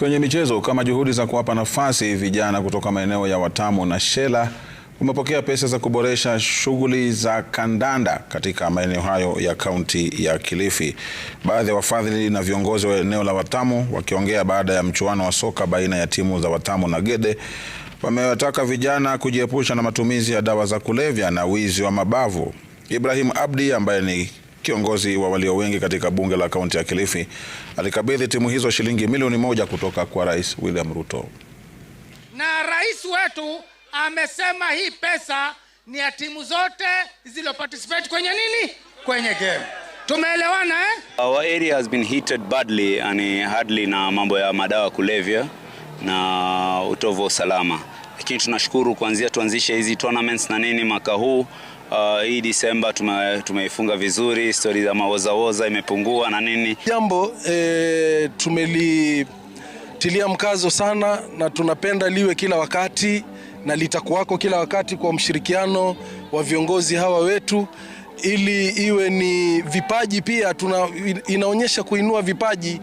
Kwenye michezo, kama juhudi za kuwapa nafasi vijana kutoka maeneo ya Watamu na Shela umepokea pesa za kuboresha shughuli za kandanda katika maeneo hayo ya kaunti ya Kilifi. Baadhi ya wafadhili na viongozi wa eneo la Watamu wakiongea baada ya mchuano wa soka baina ya timu za Watamu na Gede wamewataka vijana kujiepusha na matumizi ya dawa za kulevya na wizi wa mabavu. Ibrahim Abdi ambaye ni Kiongozi wa walio wengi katika bunge la kaunti ya Kilifi alikabidhi timu hizo shilingi milioni moja kutoka kwa Rais William Ruto. Na rais wetu amesema hii pesa ni ya timu zote zilo participate kwenye nini, kwenye game. Tumeelewana eh? Our area has been heated badly and hardly na mambo ya madawa kulevya na utovu wa usalama, lakini tunashukuru kuanzia tuanzishe hizi tournaments na nini mwaka huu uh, hii Disemba tumeifunga vizuri, stori za mawozawoza imepungua na nini. Jambo e, tumelitilia mkazo sana na tunapenda liwe kila wakati na litakuwako kila wakati kwa mshirikiano wa viongozi hawa wetu ili iwe ni vipaji pia tuna, inaonyesha kuinua vipaji.